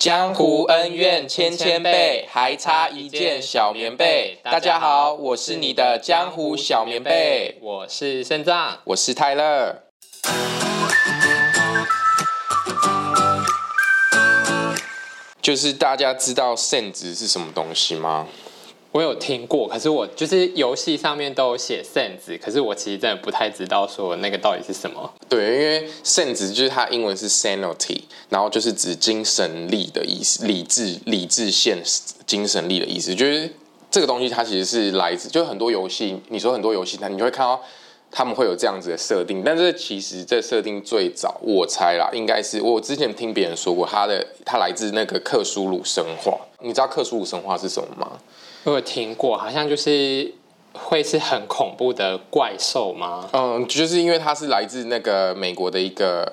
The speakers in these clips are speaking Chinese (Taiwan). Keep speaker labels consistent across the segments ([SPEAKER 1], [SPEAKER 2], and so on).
[SPEAKER 1] 江湖恩怨千千倍，
[SPEAKER 2] 還差一件小棉被。大家好，我是你的江湖小棉貝。我是腎臟，
[SPEAKER 1] 我是泰勒。就是大家知道 San 值是什麼東西嗎？我有聽過，可
[SPEAKER 2] 是我就是遊戲上面都有寫 San 值，可是我其實真的不太知道說那個到底是
[SPEAKER 1] 什麼。對，因為 San 值就是它英文是 sanity，然後就是指精神力的意思，理智、理智線、精神力的意思。就是這個東西它其實是來自，就是很多遊戲，你說很多遊戲，那你就會看到他們會有這樣子的設定，但是其實這設定最早我猜啦，應該是我之前聽別人說過，它的它來自那個克蘇魯神話。你知道克蘇魯神話是什麼嗎？我有聽過，好像就
[SPEAKER 2] 是會是很恐怖的怪獸嗎？
[SPEAKER 1] 嗯，就是因為他是來自那個美國的一個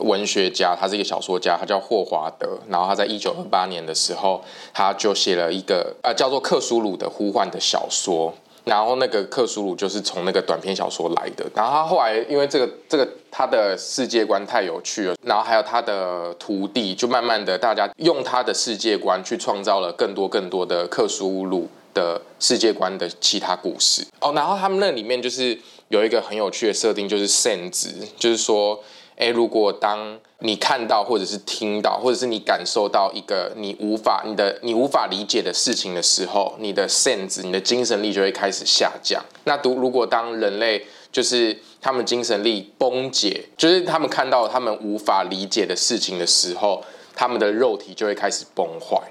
[SPEAKER 1] 文學家，他是一個小說家，他叫霍華德。然後他在一九二八年的時候，他就寫了一個呃，叫做《克蘇魯的呼喚》的小說。然後那個克蘇魯就是從那個短篇小說來的，然後他後來因為這個這個他的世界觀太有趣了，然後還有他的徒弟，就慢慢的大家用他的世界觀去創造了更多更多的克蘇魯的世界觀的其他故事哦，然後他們那裡面就是有一個很有趣的設定，就是 San 值，就是說。誒、欸，如果當你看到或者是聽到，或者是你感受到一個你無法、你的你無法理解的事情的時候，你的 Sense，你的精神力就會開始下降。那讀如果當人類就是他們精神力崩解，就是他們看到他們無法理解的事情的時候，他們的肉體就會開始崩壞，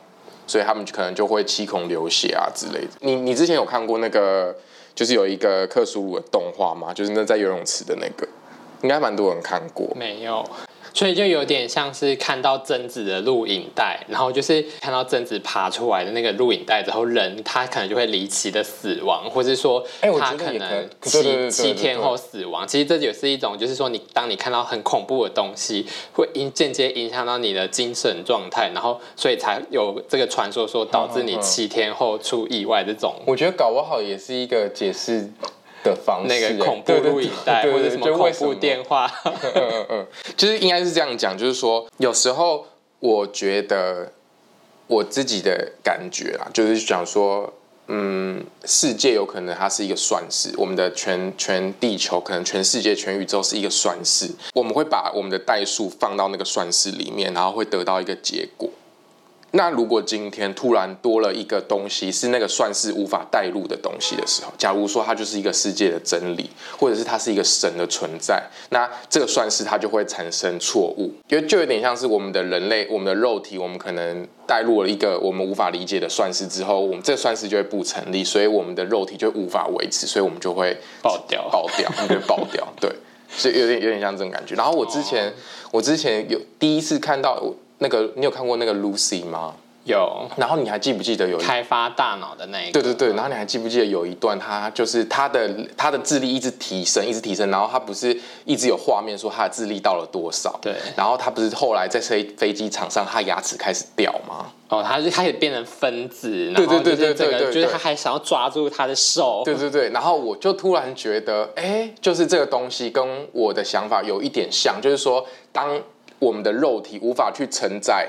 [SPEAKER 1] 所以他們可能就會七孔流血啊之類的。你你之前有看過那個，就是有一個克蘇魯的動畫嗎？就是那在游泳池的那個。應該蠻多人看過，
[SPEAKER 2] 沒有，所以就有點像是看到貞子的錄影帶，然後就是看到貞子爬出來的那個錄影帶，之後人他可能就會離奇的死亡，或者是說，他可能七、欸、七天後死亡。其實這也是一種，就是說你當你看到很恐怖的東西，會影間接影響到你的精神狀態，然後所以才有這個傳說說導致你七天後出意外的這種。
[SPEAKER 1] 嗯嗯嗯、我覺得搞不好也是一個解釋的方式，欸，那個恐怖錄影帶，對對對對對，或者什麼恐怖電話，嗯嗯，就是應該是這樣講，就是說有時候我覺得我自己的感覺啊，就是講說，嗯，世界有可能它是一個算式，我們的全全地球，可能全世界全宇宙是一個算式，我們會把我們的代數放到那個算式裡面，然後會得到一個結果。那如果今天突然多了一個東西，是那個算式無法帶入的東西的時候，假如說它就是一個世界的真理，或者是它是一個神的存在，那這個算式它就會產生錯誤，因為就有點像是我們的人類，我們的肉體，我們可能帶入了一個我們無法理解的算式之後，我們這個算式就會不成立，所以我們的肉體就無法維持，所以我們就會爆掉，爆掉，爆掉，對，所以有點有點像這種感覺。然後我之前，我之前有第一次看到我。那個你有看過那個 Lucy 嗎？有。然後你還記不記得有開發大腦的那一個？對對對。然後你還記不記得有一段，他就是他的、嗯、他的智力一直提升，一直提升。然後他不是一直有畫面說他的智力到了多少？對。然後他不是後來在飛飛機場上，他牙齒開始掉嗎？哦，他、就是、他也變成分
[SPEAKER 2] 子。對對對對對。就是他還
[SPEAKER 1] 想要抓住他的手。對對，對對對。然後我就突然覺得、欸，就是這個東西跟我的想法有一點像，就是說當、嗯。我們的肉體無法去承載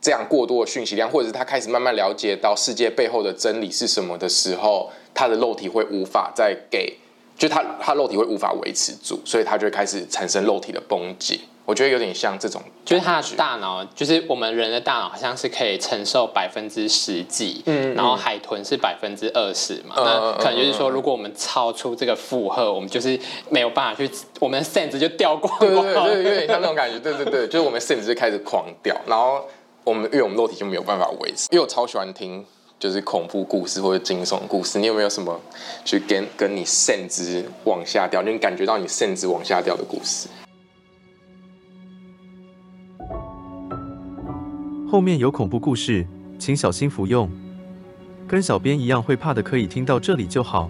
[SPEAKER 1] 這樣過多的訊息量，或者是他開始慢慢了解到世界背後的真理是什麼的時候，他的肉體會無法再給，就他他肉體會無法維持住，所以他就會開始產生肉體的崩解。我覺得有點像這種，
[SPEAKER 2] 就是他的大腦，就是我們人的大腦好像是可以承受百分之十幾，嗯，嗯，然後海豚是百分之二十嘛，嗯嗯嗯，那可能就是說，如果我們超出這個負荷，我們就是沒有辦法去，我們的 s 子就掉
[SPEAKER 1] 光，光了，對，對對，就是、有點像那種感覺，對對對，就是我們的 e 就開始狂掉，然後我們因為我們肉體就沒有辦法維持。因為我超喜歡聽就是恐怖故事或者驚悚故事，你有沒有什麼去跟跟你 s 子往下掉，就感覺到你 s 子往下掉的故事？
[SPEAKER 2] 後面有恐怖故事，請小心服用。跟小編一樣會怕的，可以聽到這裡就好。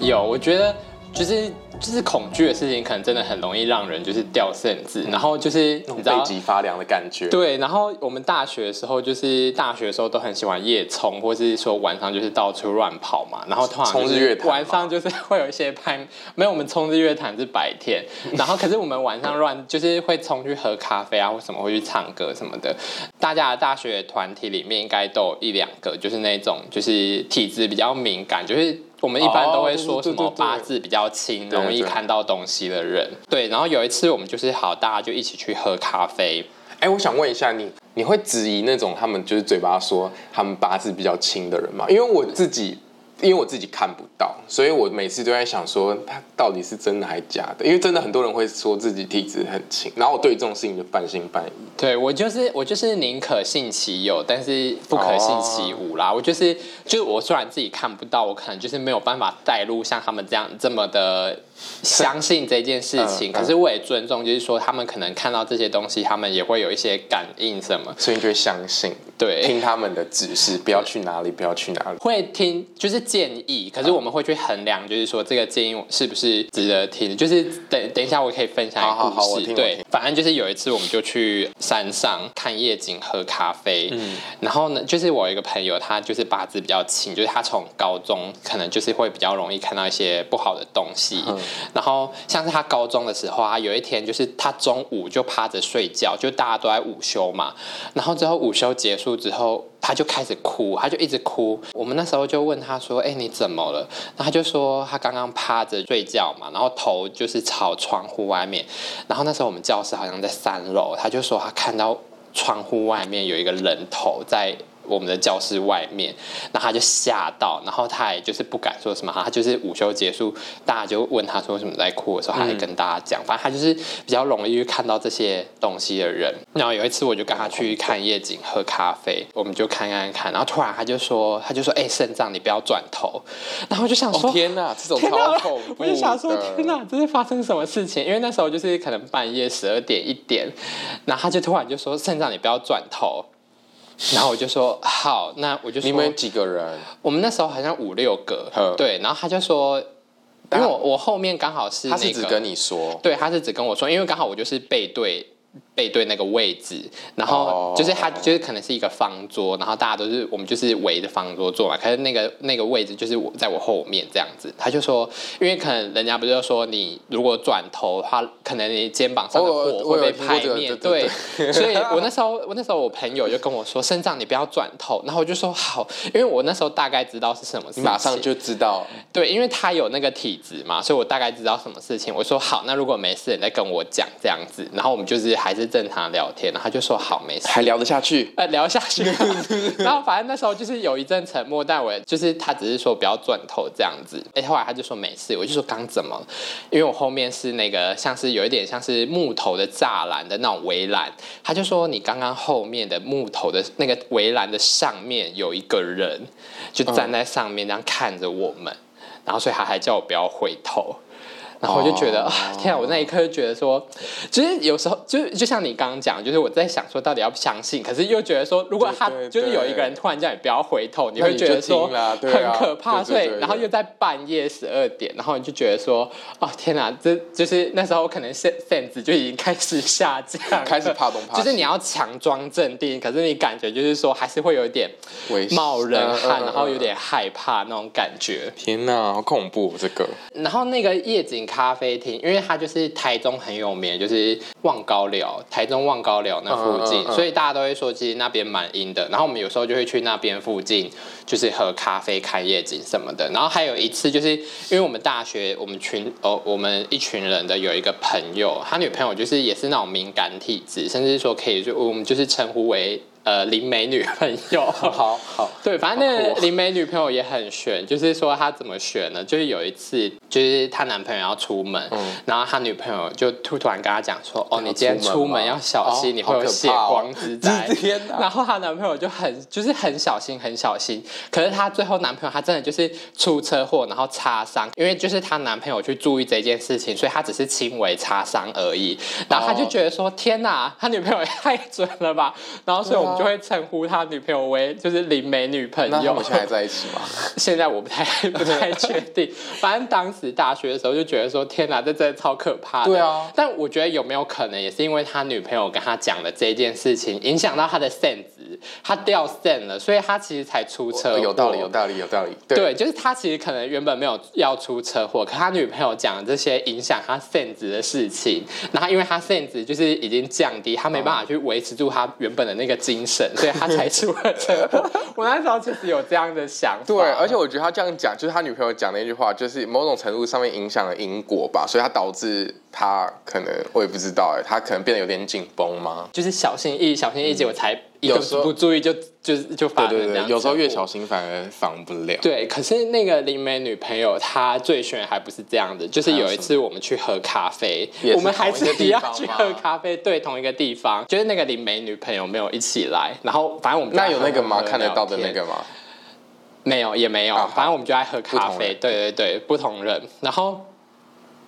[SPEAKER 2] 有，我覺得直接。就是就是恐懼的事情，可能真的很容易讓人就是掉 San 值。然後就是你知道，背脊發涼的感覺。對，然後我們大學的時候，就是大學的時候都很喜歡夜衝，或是說晚上就是到處亂跑嘛。然後通常衝日月潭晚上就是會有一些攀，沒有。我們衝日月潭是白天，然後可是我們晚上亂就是會衝去喝咖啡啊，或什麼會去唱歌什麼的。大家的大學團體裡面應該都有一兩個，就是那種就是體質比較敏感，就是。我們一般都會說什麼八字比較輕，容易看到東西的人。對，然後有一次我們就是好，大家就一起去喝
[SPEAKER 1] 咖啡。哎，我想問一下你，你會質疑那種他們就是嘴巴說他們八字比較輕的人嗎？因為我自己。因為我自己看不到，所以我每次都在想說，他到底是真的還是假的？因為真的很多人會說自己體質很輕，然後我對這種事情，就半信半疑。對，
[SPEAKER 2] 對我就是我就是寧可信其有，但是不可信其無啦。Oh. 我就是就我雖然自己看不到，我可能就是沒有辦法代入像他們這樣這麼的。相信這件事情，嗯嗯、可是我也尊重，就是說他們可能看到這些東西，他們也會有一些感應什麼，所以你就相信，對，聽他們的指示，不要去哪裡，嗯、不要去哪裡，會聽就是建議，可是我們會去衡量，就是說這個建議是不是值得聽，就是等等一下，我可以分享一個故事，好好好好對，反正就是有一次我們就去山上看夜景喝咖啡，嗯，然後呢，就是我有一個朋友，他就是八字比較輕，就是他從高中可能就是會比較容易看到一些不好的東西。嗯然後像是他高中的時候啊，有一天就是他中午就趴着睡覺，就大家都在午休嘛。然後之後午休結束之後，他就開始哭，他就一直哭。我們那時候就問他說：“欸，你怎麼了？”然後他就說他剛剛趴着睡覺嘛，然後頭就是朝窗戶外面。然後那時候我們教室好像在三樓，他就說他看到窗戶外面有一個人頭在。我們的教室外面，然後他就嚇到，然後他也就是不敢說什麼，他就是午休結束，大家就問他說為什麼在哭的時候，他還跟大家講，反正他就是比較容易去看到這些東西的人。然後有一次我就跟他去看夜景喝咖啡，我們就看看看，然後突然他就說，他就說，哎、欸，腎臟你不要轉頭，然後就想說，哦、天哪，這種超恐怖，我就想說，天哪，這是發生什麼事情？因為那時候就是可能半夜十二點一點，然後他就突然就說，腎臟你不要轉頭。 然後我就說好，那我就說，你們幾個人？我們那時候好像五六個，呵對。然後他就說，因為我我後面剛好是，那個，他是只跟你說，對，他是只跟我說，因為剛好我就是背對。背對那個位置，然後就是他就是可能是一個方桌，然後大家都是我們就是圍着方桌坐嘛。可是那個那個位置就是我在我後面這樣子，他就說，因為可能人家不就說你如果轉頭的話，可能你肩膀上的火會被拍滅。對，所以我那時候我那時候我朋友就跟我說，身上你不要轉頭。然後我就說好，因為我那時候大概知道是什麼事情。你馬上就知道，對，因為他有那個體質嘛，所以我大概知道什麼事情。我說好，那如果沒事，你再跟我講這樣子。然後我們就是還是。正常聊天，然後他就說，好
[SPEAKER 1] 沒事，還聊得下去，
[SPEAKER 2] 哎、呃、聊下去。 然後反正那時候就是有一陣沉默，但我就是他只是說不要轉頭這樣子。哎、欸，後來他就說沒事，我就說剛怎麼？因為我後面是那個像是有一點像是木頭的柵欄的那種圍欄，他就說，你剛剛後面的木頭的那個圍欄的上面有一個人，就站在上面這樣看着我們，嗯、然後所以他還叫我不要回頭。然後我就覺得啊，oh, 天啊！我那一刻就覺得說，其實有時候就是就像你剛剛講，就是我在想說到底要不相信，可是又覺得說，如果他對對對就是有一個人突然叫你不要回頭，你會覺得說很可怕。所以，然後又在半夜十二點，然後你就覺得說，啊、哦、天哪！這就是那時候可能 San 就已經開始下降，開始怕東怕西，就是你要強裝鎮定，可是你感覺就是說還是會有點
[SPEAKER 1] 冒冷汗，呃呃呃呃然後有點
[SPEAKER 2] 害怕那種
[SPEAKER 1] 感覺。天吶，好恐怖、哦、這個！
[SPEAKER 2] 然後那個夜景。咖啡廳，因為它就是台中很有名，就是望高寮，台中望高寮那附近，嗯嗯嗯嗯，所以大家都會說其實那邊蠻陰的。然後我們有時候就會去那邊附近，就是喝咖啡、看夜景什麼的。然後還有一次，就是因為我們大學我們群哦，我們一群人的有一個朋友，他女朋友就是也是那種敏感體質，甚至說可以就我們就是稱呼為。呃，林美女朋友，好好，好對，反正那個林美女朋友也很懸，酷就是說她怎麼懸呢？就是有一次，就是她男朋友要出門，嗯、然後她女朋友就突突然跟她講說：“嗯、哦，你今天出門要小心，哦、你會有血光之災。哦” 天哪然後她男朋友就很就是很小心，很小心。可是她最後男朋友他真的就是出車禍，然後擦傷，因為就是她男朋友去注意這件事情，所以她只是輕微擦傷而已。然後他就覺得說：“哦、天哪，他女朋友也太準了吧？”然後所以我就會稱呼他女朋友為就是林美女朋友。那他們現在還在一起嗎？ 現在我不太不太確定。 反正當時大學的時候就覺得說，天哪，啊，這真的超可怕的。對啊，但我覺得有沒有可能也是因為他女朋友跟他講的這件事情，影響到他的 sense。他掉 San 了，所以他其實才
[SPEAKER 1] 出車禍，哦。有道理，有道理，有道理。
[SPEAKER 2] 對，對就是他其實可能原本沒有要出車禍，可他女朋友講這些影響他 San 的事情，然後因為他 San 就是已經降低，
[SPEAKER 1] 他沒辦法去維持住他原本的那個精神，嗯、所以他才
[SPEAKER 2] 出了車禍。 我那時候
[SPEAKER 1] 確實有這樣的想法。對，而且我覺得他這樣講，就是他女朋友講那句話，就是某種程度上面影響了因果吧，所以他導致他可能我也不知道哎、欸，他可能變得有點緊繃嗎？
[SPEAKER 2] 就是小心翼翼、小心翼翼，我才。嗯有時候不注意就就就防，就反而對,對,對有時候越小心反而防不了。對，可是那個靈媒女朋友她最玄還不是這樣子，就是有一次我們去喝咖啡，我們還是要去喝咖啡，同對同一個地方，就是那個靈媒女朋友沒有一起來，然後反正我們就那有那個嗎？看得到的那個嗎？沒有也沒有，啊、好反正我們就愛喝咖啡，對對對，不同人，然後。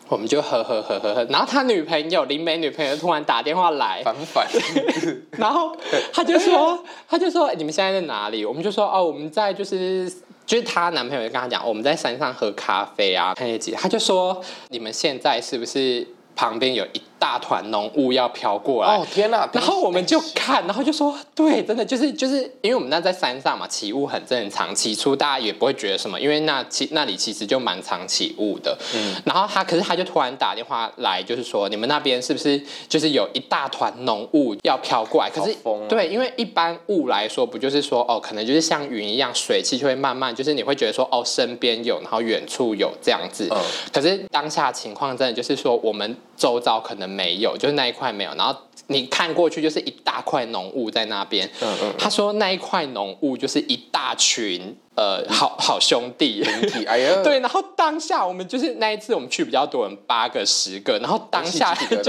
[SPEAKER 2] 我們就喝喝喝喝喝，然後他女朋友林美女朋友突然打電話來，反
[SPEAKER 1] 反
[SPEAKER 2] 然後他就說，他就說你們現在在哪裡？我們就說哦，我們在就是就是他男朋友就跟他講，哦，我們在山上喝咖啡啊看風景，他就說你們現在是不是旁邊有一大團濃霧要飄過來
[SPEAKER 1] 哦！天吶、啊！天啊、然
[SPEAKER 2] 後我們就看，然後就說對，真的就是就是，因為我們那在山上嘛，起霧很正常，起初大家也不會覺得什麼，因為那其那裡其實就蠻常起霧的。嗯。然後他，可是他就突然打電話來，就是說你們那邊是不是就是有一大團濃霧要飄過來？啊、可是對，因為一般霧來說，不就是說哦，可能就是像雲一樣，水汽就會慢慢，就是你會覺得說哦，身邊有，然後遠處有這樣子。嗯。可是當下情況真的就是說我們。周遭可能沒有，就是那一塊沒有，然後，你看過去就是一大塊濃霧在那邊。嗯嗯。他說那一塊濃霧就是一大群呃好好兄弟人體。哎、 對，然後當下我們就是那一次我們去比較多人八個十個，然後當下就是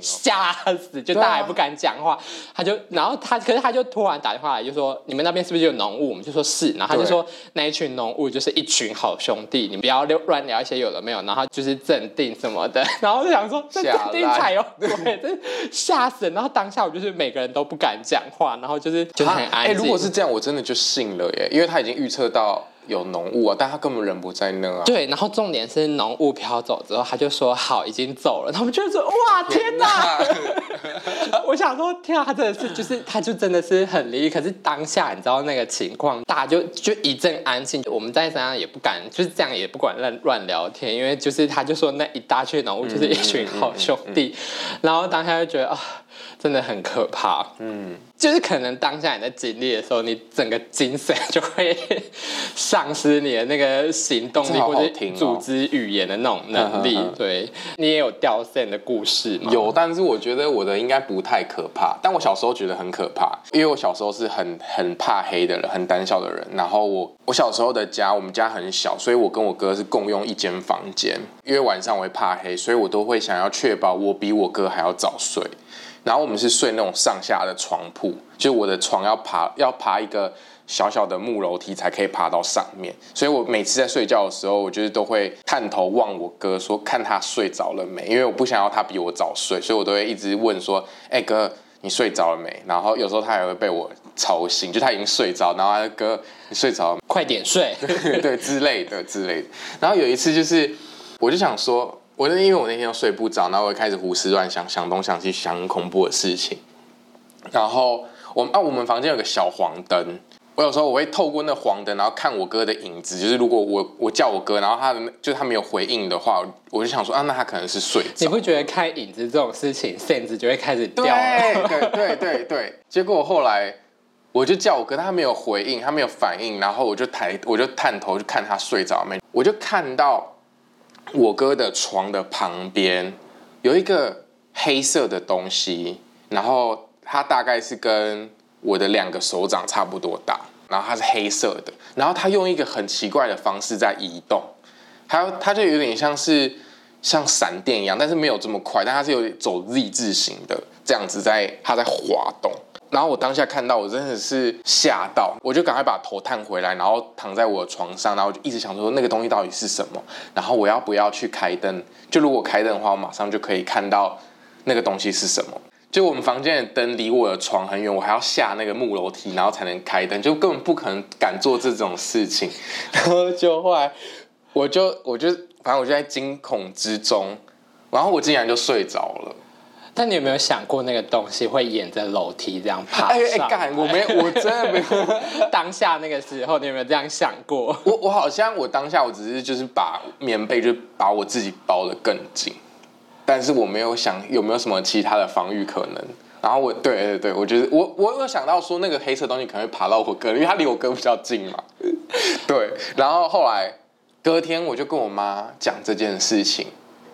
[SPEAKER 2] 嚇死，就大家也不敢講話。他就然後他可是他就突然打電話來就說，你們那邊是不是有濃霧？我們就說是，然後他就說那一群濃霧就是一群好兄弟，你不要亂聊一些有的沒有，然後
[SPEAKER 1] 就是鎮定什麼的，然後就想說鎮定才有對，欸
[SPEAKER 2] 下拉 嚇死人，然後當下我就是每個人都不敢講話，然後就是就很安靜、啊。欸、如果是這
[SPEAKER 1] 樣，我真的就信了耶，因為他已經預測到。有濃霧啊，但他根本人不在那啊。對，然
[SPEAKER 2] 後重點是濃霧飄走之後，他就說好，已經走了。他們就說哇天哪，天哪 我想說天啊，他真的是就是他就真的是很離譜。可是當下你知道那個情況，大家就就一陣安靜。我們在山上也不敢就是這樣，也不管亂亂聊天，因為就是他就說那一大群濃霧就是一群好兄弟，嗯嗯嗯、然後當下就覺得啊。哦真的很可怕，嗯，就是可能當下你在經歷的時候，你整個精神就會喪失你的那個行動力或者組織語言的那種能力。
[SPEAKER 1] 對，你也有掉 San 的故事嗎？嗯，有，但是我覺得我的應該不太可怕。但我小時候覺得很可怕，因為我小時候是很很怕黑的人，很膽小的人。然後我我小時候的家，我們家很小，所以我跟我哥是共用一間房間。因為晚上我會怕黑，所以我都會想要確保我比我哥還要早睡。然後我們是睡那種上下的床鋪，就我的床要爬，要爬一個小小的木樓梯才可以爬到上面。所以我每次在睡覺的時候，我就是都會探頭望我哥說，說看他睡着了沒，因為我不想要他比我早睡，所以我都會一直問說：“哎、欸、哥，你睡着了沒？”然後有時候他也會被我吵醒，就他已經睡着，然後他說：“哥，你睡着了，快點睡 對，對之類的之類的。之類的”然後有一次就是，我就想說。我就因為我那天又睡不着，然後我開始胡思亂想，想東想西，想恐怖的事情。然後我啊，我們房間有個小黃燈，我有時候我會透過那黃燈，然後看我哥的影子。就是如果我我叫我哥，然後他就他沒有回應的話，我就想說啊，那他可能是睡著。你不覺得看影子這種事情，San 值就會開始掉？對對對對 結果後來我就叫我哥，他沒有回應，他沒有反應，然後我就抬我就探頭去看他睡着沒，我就看到。我哥的床的旁邊有一個黑色的東西，然後它大概是跟我的兩個手掌差不多大，然後它是黑色的，然後它用一個很奇怪的方式在移動，還有它就有點像是像閃電一樣，但是沒有這麼快，但它是有點走 Z 字形的，這樣子在，它在滑動。然後我當下看到，我真的是嚇到，我就趕快把頭探回來，然後躺在我的床上，然後就一直想說那個東西到底是什麼，然後我要不要去開燈？就如果開燈的話，我馬上就可以看到那個東西是什麼。就我們房間的燈離我的床很遠，我還要下那個木樓梯，然後才能開燈，就根本不可能敢做這種事情。然後就後來，我就我就反正我就在驚恐之中，然後我竟然就睡着了。那你有沒有想過那個東西
[SPEAKER 2] 會沿着樓梯這樣爬上？哎哎幹！我沒，我真的沒有。 當下那個時
[SPEAKER 1] 候，你有沒有這樣想過？我我好像我當下我只是就是把棉被就把我自己包得更緊，但是我沒有想有沒有什麼其他的防禦可能。然後我對對對，我覺得我我有想到說那個黑色東西可能會爬到我哥，因為它離我哥比較近嘛。對，然後後來隔天我就跟我媽講這件事情。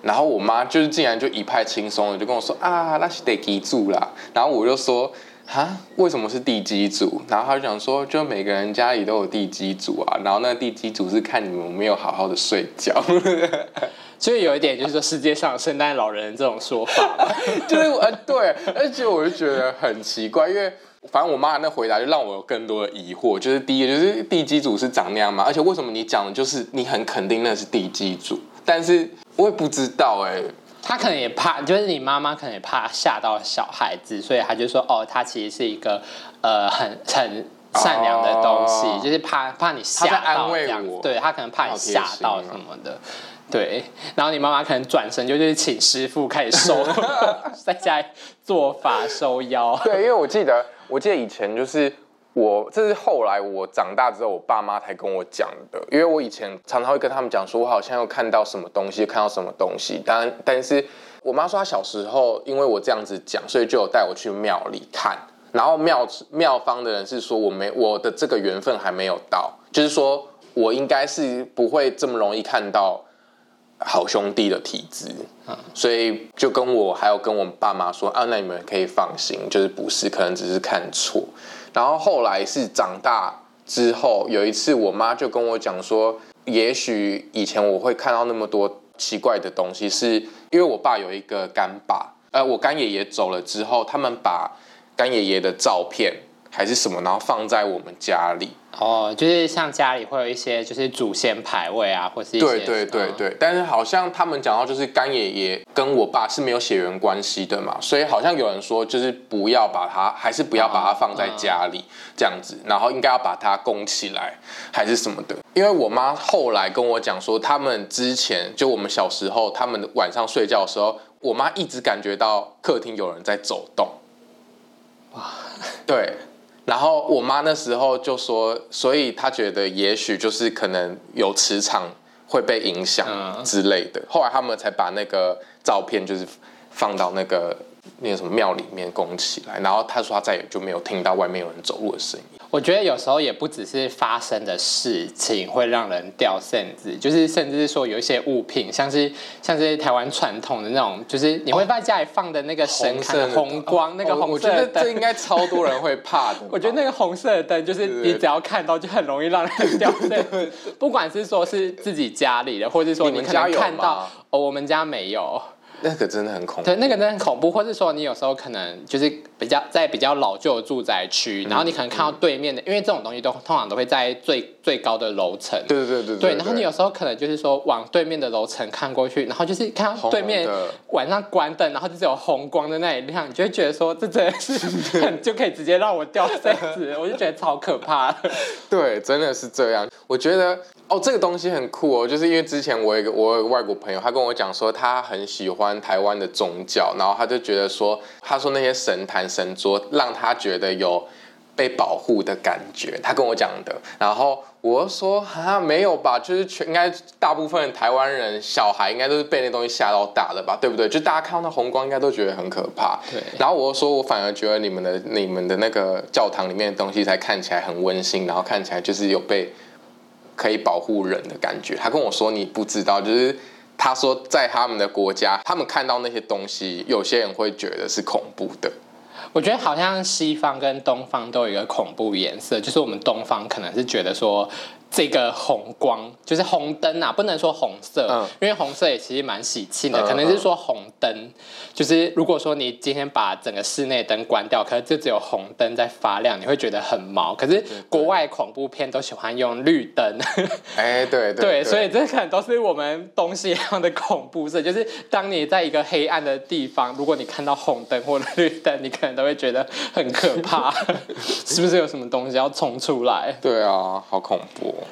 [SPEAKER 1] 然後我媽就是竟然就一派輕鬆的，就跟我說啊，那是地基主啦。然後我就說啊，為什麼是地基主？然後她就講說，就每個人家裡都有地基主啊。然後那個地基主是看你們沒有好好的睡覺。 所以有一點就是說，世界上聖誕老人這種說法， 就是我對，而且我就覺得很奇怪，因為反正我媽的那回答就讓我有更多的疑惑。就是第一個就是地基主是長那樣嘛，而且為什麼你講的就是你很肯定那是地基主？但是我也不知道哎、欸，他可能也怕，就是你媽媽可能也怕嚇到小孩子，
[SPEAKER 2] 所以他就說：“哦，他其實是一個呃很很善良的東西，哦、就是怕怕你嚇到這樣，對，他可能怕你嚇到什麼的，啊、對。然後你媽媽可能轉身就去請師父開始收，在家做法收
[SPEAKER 1] 妖。對，因為我記得，我記得以前就是。我這是後來我長大之後，我爸媽才跟我講的。因為我以前常常會跟他們講，說我好像又看到什麼東西，看到什麼東西。但但是，我媽說她小時候，因為我這樣子講，所以就有帶我去廟裡看。然後廟廟方的人是說，我沒我的這個緣分還沒有到，就是說我應該是不會這麼容易看到好兄弟的體質。所以就跟我還有跟我爸媽說啊，那你們可以放心，就是不是，可能只是看錯。然後後來是長大之後，有一次我媽就跟我講說，也許以前我會看到那麼多奇怪的東西是，是因為我爸有一個乾爸，呃，我乾爺爺走了之後，他們把乾爺爺的照片。還是什麼，然後放在我們家裡哦，就是像家裡會有一些就是祖先牌位啊，或是一些對對對對，嗯、但是好像他們講到就是乾爺爺跟我爸是沒有血緣關係的嘛，所以好像有人說就是不要把它，還是不要把它放在家裡，哦嗯、這樣子，然後應該要把它供起來還是什麼的。因為我媽後來跟我講說，他們之前就我們小時候，他們晚上睡覺的時候，我媽一直感覺到客廳有人在走動，哇，對。然後我媽那時候就說，所以她覺得也許就是可能有磁場會被影響之類的。後來他們才把那個照片就是放到那個那個什麼廟裡面供起來，然後他說他再也就沒有聽到外面有人走路的聲音。我覺得有時候也不只是發
[SPEAKER 2] 生的事情，會讓人掉 San，就是甚至說有一些物品，像是像這些台灣傳統的那種，就是你會發現家裡放的那個神龕紅光、哦、紅那個紅色的燈，我覺得這應該超多人會怕的。 我覺得那個紅色的燈就是你只要看到就很容易讓人掉 San，對對對對，不管是說是自己家裡的，或者說你只要看到哦，我們家沒有。那個真的很恐怖。對，那個真的很恐怖，或是說你有時候可能就是比較在比較老舊的住宅區，然後你可能看到對面的，嗯、因為這種東西都通常都會在最最高的樓層。對對對對，對。對，對，然後你有時候可能就是說往對面的樓層看過去，然後就是看到對面晚上關燈，的然後就是有紅光在那裡亮，你就會覺得說這真的是， 就可以直接讓我掉 San，我就覺得超可怕。
[SPEAKER 1] 對，真的是這樣，我覺得。哦，這個東西很酷哦，就是因為之前我一個我有個外國朋友，他跟我講說他很喜歡台灣的宗教，然後他就覺得說，他說那些神壇神桌讓他覺得有被保護的感覺，他跟我講的。然後我說蛤沒有吧，就是全應該大部分的台灣人小孩應該都是被那東西嚇到大的吧，對不對？就大家看到那紅光應該都覺得很可怕。對。然後我說我反而覺得你們的你們的那個教堂裡面的東西才看起來很溫馨，然後看起來就是有被。可以保護人的感覺，他跟我說，你不知道，就是他說在他們的國家，他們看到那些東西，有些人會覺得是恐怖的。
[SPEAKER 2] 我覺得好像西方跟東方都有一個恐怖顏色，就是我們東方可能是覺得說。這個紅光就是紅燈啊，不能說紅色，嗯、因為紅色也其實蠻喜慶的，嗯、可能是說紅燈，嗯、就是如果說你今天把整個室內燈關掉，可能就只有紅燈在發亮，你會覺得很毛。可是國外恐怖片都喜歡用綠燈，哎、嗯 欸，對對，所以這可能都是我們東西一樣的恐怖色，就是當你在一個黑暗的地方，如果你看到紅燈或者綠燈，你可能都會覺得很可怕， 是不是有什麼東西要衝出來？對啊，好恐怖。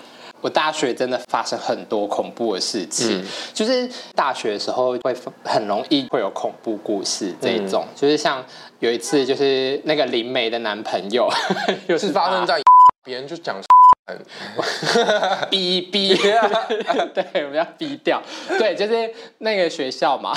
[SPEAKER 2] 我大學真的發生很多恐怖的事情，嗯、就是大學的時候會很容易會有恐怖故事這一種，嗯、就是像有一次就是那個靈媒的男朋友， 是，他 是發生在別人就講。 逼逼 對，我們要低調。對，就是那個學校嘛，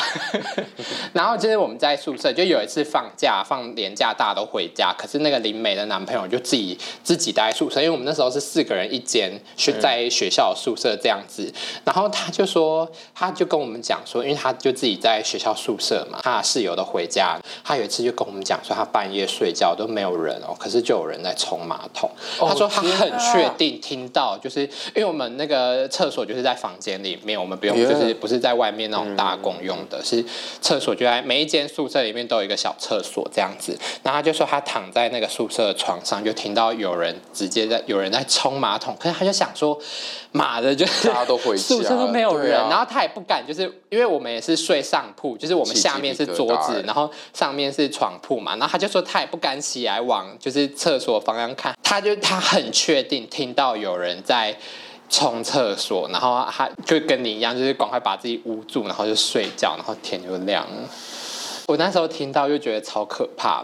[SPEAKER 2] 然後就是我們在宿舍，就有一次放假放年假，大家都回家，可是那個林美的男朋友就自己自己待在宿舍，因為我們那時候是四個人一間，是在學校宿舍這樣子。然後他就說，他就跟我們講說，因為他就自己在學校宿舍嘛，他室友都回家，他有一次就跟我們講說，他半夜睡覺都沒有人哦、喔，可是就有人在沖馬桶。Oh, 他說他很確定。天啊。定聽到，就是因為我們那個廁所就是在房間裡面，我們不用，就是不是在外面那種大公用的，是廁所就在每一間宿舍裡面都有一個小廁所這樣子。然後他就說他躺在那個宿舍的床上，就聽到有人直接在有人在沖馬桶，可是他就想說，媽的，就是大家都回家了，宿舍都沒有人，然後他也不敢，就是因為我們也是睡上鋪，就是我們下面是桌子，然後上面是床鋪嘛，然後他就說他也不敢起來往就是廁所方向看，他就他很確定聽。聽到有人在沖廁所，然後他就跟你一樣，就是趕快把自己捂住，然後就睡覺，然後天就亮了。我那時候聽到就覺得超可怕。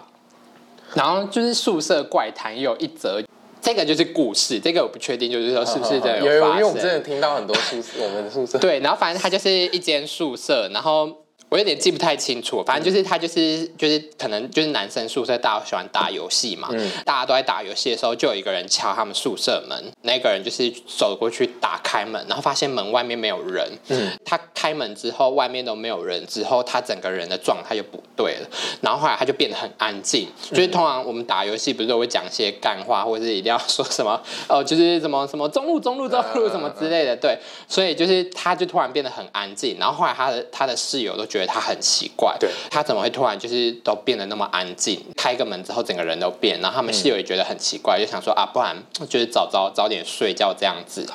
[SPEAKER 2] 然後就是宿舍怪談，又有一則，這個就是故事，這個我不確定，就是說是不是真的有有。因為因為我真的聽到很多宿舍， 我們的宿舍對，然後反正它就是一間宿舍，然後。我有點記不太清楚，反正就是他就是就是可能就是男生宿舍，大家都喜歡打遊戲嘛。嗯。大家都在打遊戲的時候，就有一個人敲他們宿舍門。那個人就是走過去打開門，然後發現門外面沒有人。嗯。他開門之後，外面都沒有人，之後他整個人的狀態就不對了。然後後來他就變得很安靜。就是通常我們打遊戲不是都會講一些幹話，或者是一定要說什麼哦、呃，就是什麼什麼中路中路中路什麼之類的。對。所以就是他就突然變得很安靜。然後後來他的他的室友都覺得。他，覺得他很奇怪，對他怎麼會突然就是都變得那麼安靜？開個門之後，整個人都變。然後他們室友也覺得很奇怪，嗯、就想說啊，不然就是早早早點睡覺這樣子。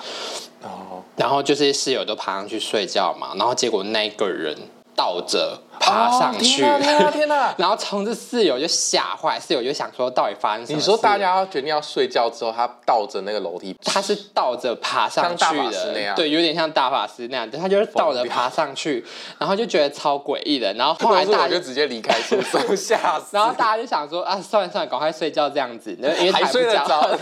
[SPEAKER 2] 哦、然後，就是室友都爬上去睡覺嘛。然後結果那個人。倒着爬上去，天啊天啊天哪！然後從這室友就嚇壞，室友就想說到底發生什麼？你說大家要決定要睡覺之後，他倒着那個樓梯，他是倒着爬上去的，對，有點像大法師那樣，他就是倒着爬上去，然後就覺得超詭異的。然後後來大家就直接離開廁所。嚇死。然後大家就想說啊，算了算了，趕快睡覺這樣子，因為還睡得着，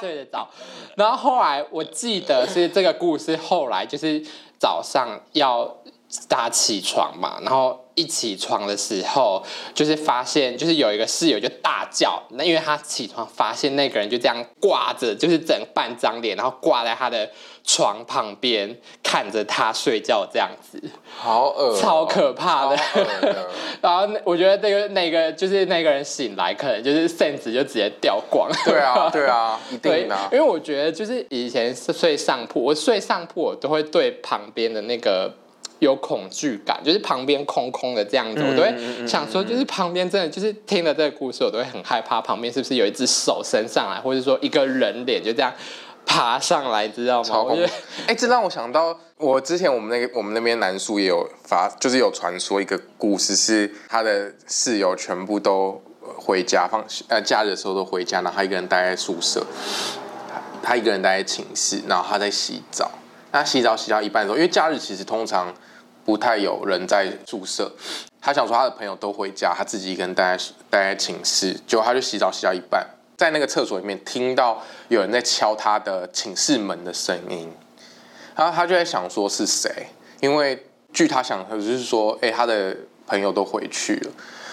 [SPEAKER 2] 睡得着。然後後來我記得是這個故事，後來就是早上要。大家起床嘛，然後一起床的時候，就是發現就是有一個室友就大叫，那因為他起床發現那個人就這樣掛着，就是整半張臉，然後掛在他的床旁邊看着他睡覺這樣子，好惡喔，超可怕的。的 然後我覺得那個那個就是那個人醒來，可能就是 San 值就直接掉光。對啊，對啊，一定啊，因為我覺得就是以前睡上鋪，我睡上鋪我都會對旁邊的那個。有恐懼感，就是旁邊空空的這樣子，我都會想說，就是旁邊真的就是聽了這個故事，嗯嗯、我都會很害怕，旁邊是不是有一隻手伸上來，或者說一個人臉就這樣爬
[SPEAKER 1] 上來，知道嗎？超恐怖。哎，我覺得、欸，這讓我想到，我之前我們那個我們那邊男宿也有發，就是有傳說一個故事，是他的室友全部都回家放呃假日的時候都回家，然後他一個人待在宿舍，他，他一個人待在寢室，然後他在洗澡。他洗澡洗到一半的時候，因為假日其實通常不太有人在宿舍。他想說他的朋友都回家，他自己一個人待在待在寢室，結果他就洗澡洗到一半，在那個廁所裡面聽到有人在敲他的寢室門的聲音。然後他就在想說是誰，因為據他想說就是說，哎、欸，他的朋友都回去了。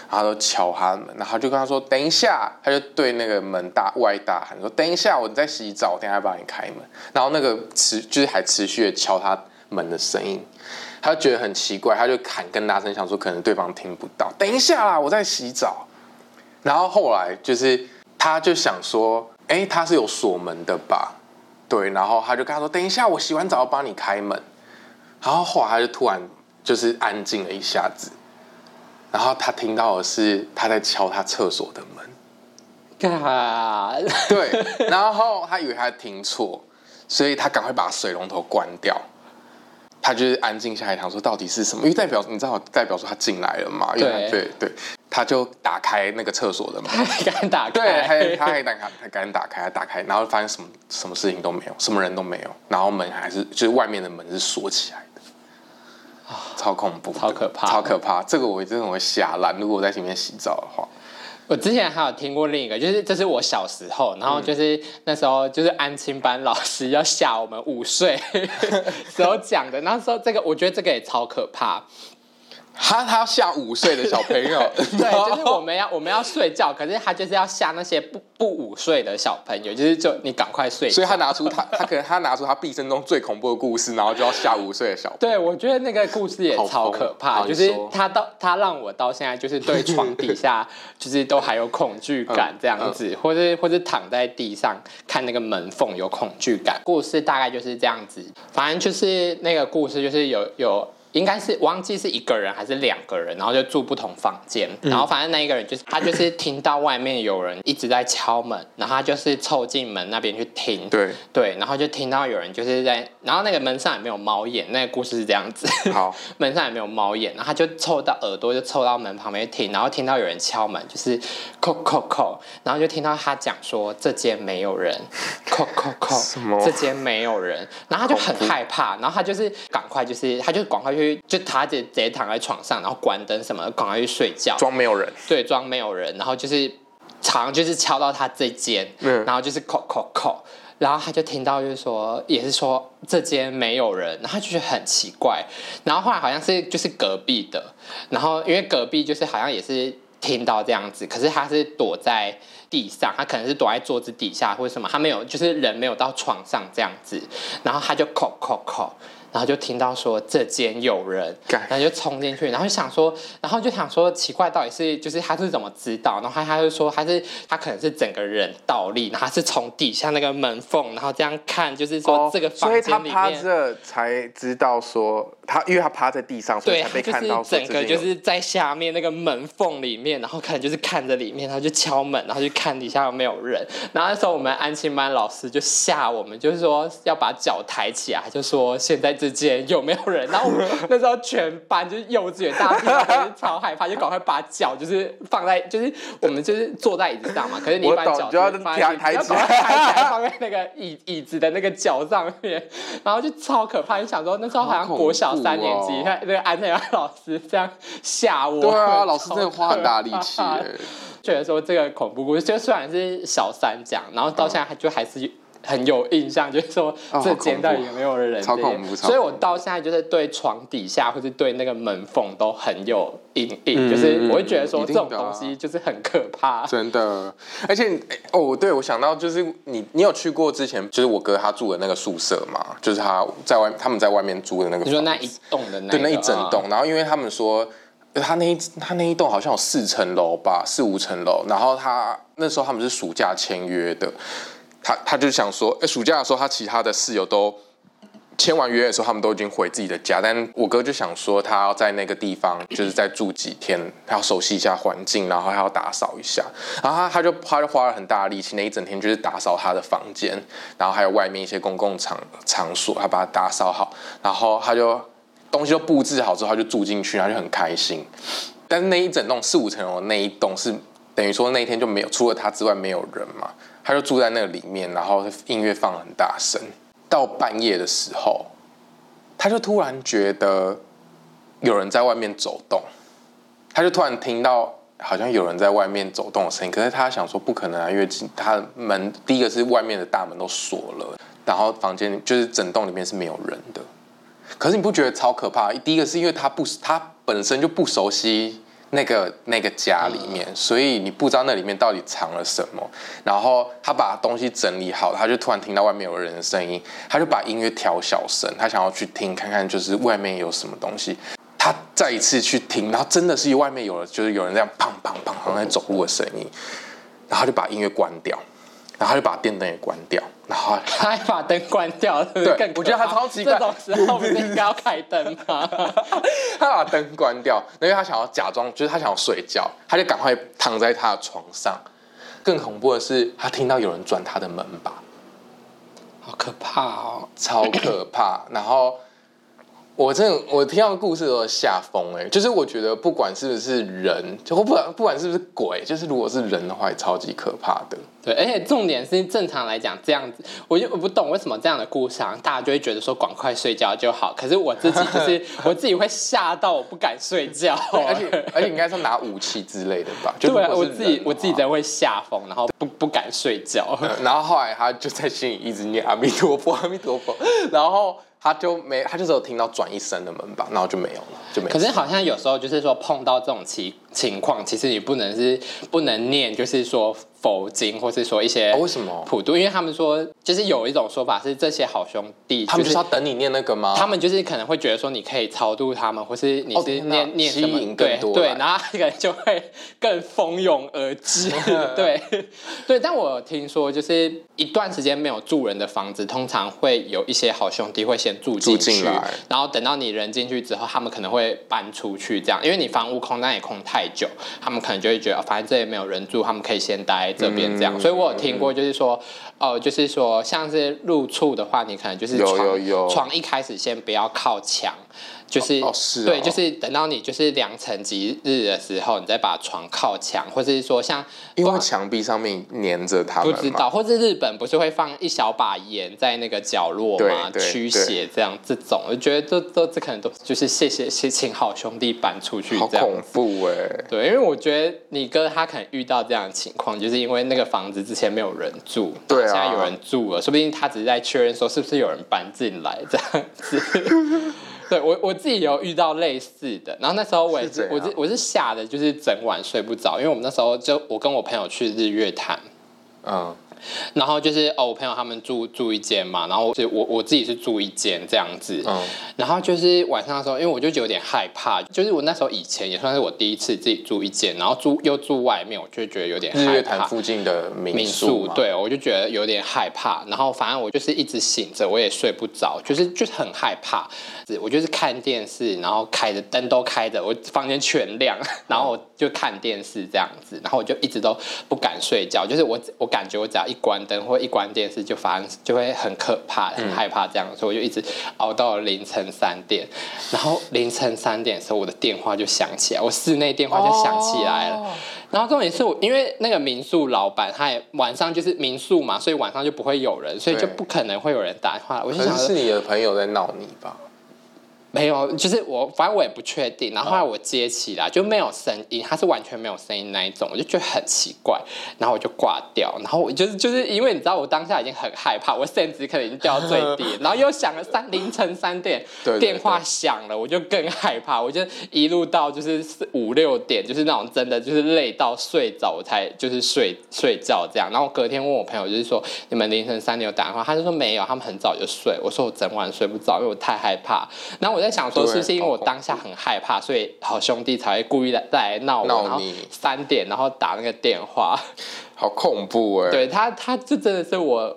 [SPEAKER 1] 然後他都敲他的門，然後就跟他說：“等一下。”他就對那個門大外大喊說：“等一下，我在洗澡，我等下幫你開門。”然後那個持就是還持續的敲他門的聲音，他就覺得很奇怪，他就喊更大聲，想說可能對方聽不到，“等一下啦，我在洗澡。”然後後來就是他就想說：“哎，他是有鎖門的吧？”對，然後他就跟他說：“等一下，我洗完澡要幫你開門。”然後後來他就突然就是安靜了一下子。然後他聽到的是他在敲他廁所的門，幹哈，對，然後他以為他聽錯，所以他趕快把水龍頭關掉。他就是安靜下來，他說到底是什麼？因為代表你知道，代表說他進來了嘛？對對對，他就打開那個廁所的門，還敢打？對，他還敢他還敢打開？他打開，然後發現什麼什麼事情都沒有，什麼人都沒有，然後門還是就是外面的門是鎖起來。超恐怖，超可怕，超可怕！嗯、這個我真的會嚇爛。如果我在前面洗澡的話。我之前
[SPEAKER 2] 還有聽過另一個，就是這是我小時候，然後就是、嗯、那時候就是安親班老師要嚇我們午睡 時候講的。那時候這個，我覺得這個也超可怕。他他要嚇午睡的小朋友， 對，就是我們要我們要睡覺，可是他就是要嚇那些不不
[SPEAKER 1] 午睡的小朋友，就是就你趕快睡覺。所以他拿出他他可能他拿出他畢生中最恐怖的故事，然後就要嚇午睡的小朋友。 對，我覺得那個故事也超可怕，瘋就是
[SPEAKER 2] 他到他讓我到現在就是對床
[SPEAKER 1] 底下就
[SPEAKER 2] 是都還有恐懼感這樣子， 嗯嗯、或者或者躺在地上看那個門縫有恐懼感。故事大概就是這樣子，反正就是那個故事就是有有。應該是忘記是一個人還是兩個人，然後就住不同房間，嗯，然後反正那一個人就是他，就是聽到外面有人一直在敲門，然後他就是湊進門那邊去聽，對對，然後就聽到有人就是在，然後那個門上也沒有貓眼，那個故事是這樣子， 好，門上也沒有貓眼，然後他就湊到耳朵，就湊到門旁邊聽，然後聽到有人敲門，就是叩叩叩叩，然後就聽到他講說這間沒有人，叩叩叩叩，什麼？這間沒有人，然後他就很害怕，恐怖，然後他就是趕快就是，他就趕快去。就他就直接躺在床上，然後關燈什麼的，趕快去睡覺。裝沒有人，對，裝沒有人，然後就是，常就是敲到他這間，嗯，然後就是叩叩叩，然後他就聽到就是說，也是說這間沒有人，然後他就覺得很奇怪，然後後來好像是就是隔壁的，然後因為隔壁就是好像也是聽到這樣子，可是他是躲在地上，他可能是躲在桌子底下或者什麼，他沒有就是人沒有到床上這樣子，然後他就叩叩叩。然後就聽到說這間有人，干 然後就衝進去，然後就想說，然後就想說奇怪，到底是就是他是怎麼知道？然後他，他就說他是他可能是整個人倒立，然後他是從底下那個門縫，然後這樣看，就是說這個房間裡面，哦、所以他趴着
[SPEAKER 1] 才知道說他，因為他趴在地上，所以才被看到。對、就是、整個就是
[SPEAKER 2] 在下面那個門縫裡面，然後可能就是看着裡面，他就敲門，然後就看底下有沒有人。然後那時候我們安親班老師就嚇我們，就是說要把腳抬起來，就說現在。之間有沒有人？然後我們那時候全班就是幼稚園大班， 就是超害怕，就趕快把腳就是放在，就是我們就是坐在椅子上嘛。可是你一般腳就，在一就要踩踩踩把腳抬起來，放在那個椅 椅子的那個腳上面，然後就超可怕。你想說那時候好像國小三年級，哦、看那個安泰元老師這樣嚇我。對啊，老師真的花很大力氣、欸。覺得說這個恐怖故事，就雖然是小三講，然後到現在還就還是有。嗯很有印象，就是說、哦、這間道也沒有人，所以我到現在就是對床底下、嗯、或是對那個
[SPEAKER 1] 門縫都很有陰影，嗯、就是我會覺得說這種東西就是很可怕，真的。而且、欸、哦，對，我想到就是你，你有去過之前就是我哥他住的那個宿舍嗎？就是他在外他們在外面租的那個，你說那一
[SPEAKER 2] 棟的那一個，對，那一整棟。啊、然後
[SPEAKER 1] 因為他們說他那一他那一棟好像有四層樓吧，四五層樓。然後他那時候他們是暑假簽約的。他他就想說，哎、欸，暑假的時候，他其他的室友都簽完約的時候，他們都已經回自己的家，但我哥就想說，他要在那個地方就是再住幾天，他要熟悉一下環境，然後還要打掃一下。然後他他就他就花了很大力氣，那一整天就是打掃他的房間，然後還有外面一些公共場場所，他把它打掃好，然後他就東西都布置好之後，他就住進去，他就很開心。但那一整棟四五層樓那一棟是等於說，那一天就沒有，除了他之外沒有人嘛。他就住在那個裡面，然後音樂放很大聲。到半夜的時候，他就突然覺得有人在外面走動。他就突然聽到好像有人在外面走動的聲音，可是他想說不可能啊，因為他的門第一個是外面的大門都鎖了，然後房間就是整棟裡面是沒有人的。可是你不覺得超可怕？第一個是因為他不他本身就不熟悉。那個那個家裡面，嗯、所以你不知道那裡面到底藏了什麼。然後他把東西整理好，他就突然聽到外面有人的聲音，他就把音樂調小聲，他想要去聽看看，就是外面有什麼東西。他再一次去聽，然後真的是外面有了，就是有人在這樣砰砰砰好像在走路的聲音，然後就把音樂關掉。然後他就把電燈也關掉，然後他，
[SPEAKER 2] 他還把燈關
[SPEAKER 1] 掉， 對，我覺得他超奇怪。這種時候不是
[SPEAKER 2] 應該要開燈
[SPEAKER 1] 嗎？ 他把燈關掉，因為他想要假裝，就是他想要睡覺，他就趕快躺在他的床上。更恐怖的是，他聽到有人轉他的門把，好可怕哦，超可怕。 然後。我真的，我聽到故事都嚇瘋哎！就是我覺得，不管是不是人，就我不管不管是不是鬼，就是如果是人的話，也超級可怕的。
[SPEAKER 2] 對，欸，而且重點是正常來講這樣子，我就我不懂為什麼這樣的故事，大家就會覺得說趕快睡覺就好。可是我自己就是 我自己會嚇到，我不敢睡覺。而且 而且應該是拿武器之類的吧？就，對，我自己我自己真的會
[SPEAKER 1] 嚇瘋，然後不對不敢睡覺，嗯，然後後來他就在心裡一直念阿彌陀佛，阿彌陀佛，然後。他就沒，他就只有聽到轉一聲的門把，然後就沒有了，就沒。可
[SPEAKER 2] 是好像有時候就是說碰到這種情情況，其實你不能是不能念，就是說。佛經，或是說一些為什麼普渡？因為他們說，就是有一種說法是這些好兄弟，他們是要等你念那個嗎？他們就是可能會覺得說你可以超度他們，或是你是念念什麼？對對，然後那個人就會更蜂擁而至。對對，但我聽說就是一段時間沒有住人的房子，通常會有一些好兄弟會先住進去，然後等到你人進去之後，他們可能會搬出去，這樣因為你房屋空，那也空太久，他們可能就會覺得反正這裡沒有人住，他們可以先待。這邊這樣，嗯、所以我有聽過，就是說，哦，就是說，像是入厝的話，你可能就是床，有床一開始先不要靠牆。就是，哦是哦、對，就是等到你就是良辰吉日的時候，你再把床靠牆，或者是說像因為牆壁上面粘着它，不知道。或是日本不是會放一小把鹽在那個角落嗎？驅邪這樣，這種我覺得這這這可能都是就是謝謝謝請好兄弟搬出去這樣。好恐怖哎、欸！對，因為我覺得你哥他可能遇到這樣的情況，就是因為那個房子之前沒有人住，對，現在有人住了，啊、說不定他只是在確認說是不是有人搬進來這樣子。 對，我我自己有遇到類似的，然後那時候我也是是我是我是嚇的，就是整晚睡不着，因為我們那時候就我跟我朋友去日月潭，嗯。Uh. 然後就是哦，我朋友他們住住一間嘛，然後是我我自己是住一間這樣子。嗯。然後就是晚上的時候，因為我就覺得有點害怕，就是我那時候以前也算是我第一次自己住一間，然後住又住外面，我就覺得有點害怕。日月潭附近的民宿，民宿，對，我就覺得有點害怕。然後反正我就是一直醒着，我也睡不着，就是就是很害怕。我就是看電視，然後開着燈都開着，我房間全亮，然後我就看電視這樣子，嗯、然後我就一直都不敢睡覺，就是我我感覺我只要。一關燈或一關電視，就反正就會很可怕，很害怕這樣，所以我就一直熬到了凌晨三點。然後凌晨三點的時候，我的電話就響起來，我室內電話就響起來了。然後重點是我，因為那個民宿老板，他也晚上就是民宿嘛，所以晚上就不會有人，所以就不可能會有人打電話。我就想是你的朋友在鬧你吧？沒有，就是我，反正我也不確定。然後後來我接起來，就沒有聲音，它是完全沒有聲音那一種，我就覺得很奇怪。然後我就掛掉。然後我就是就是因為你知道，我當下已經很害怕，我甚至可能已經掉到最低。 然後又響了三凌晨三點， 電話響了，我就更害怕。我就一路到就是五六點，就是那種真的就是累到睡着，我才就是睡睡覺這樣。然後隔天問我朋友，就是說你們凌晨三點有打電話？他就說沒有，他們很早就睡。我說我整晚睡不着，因為我太害怕。然後我在。我想說，是是因為我當下很害怕，所以好兄弟才會故意來再來鬧我，三點然後打那個電話，
[SPEAKER 1] 好恐怖欸。對，
[SPEAKER 2] 他，他就真的是我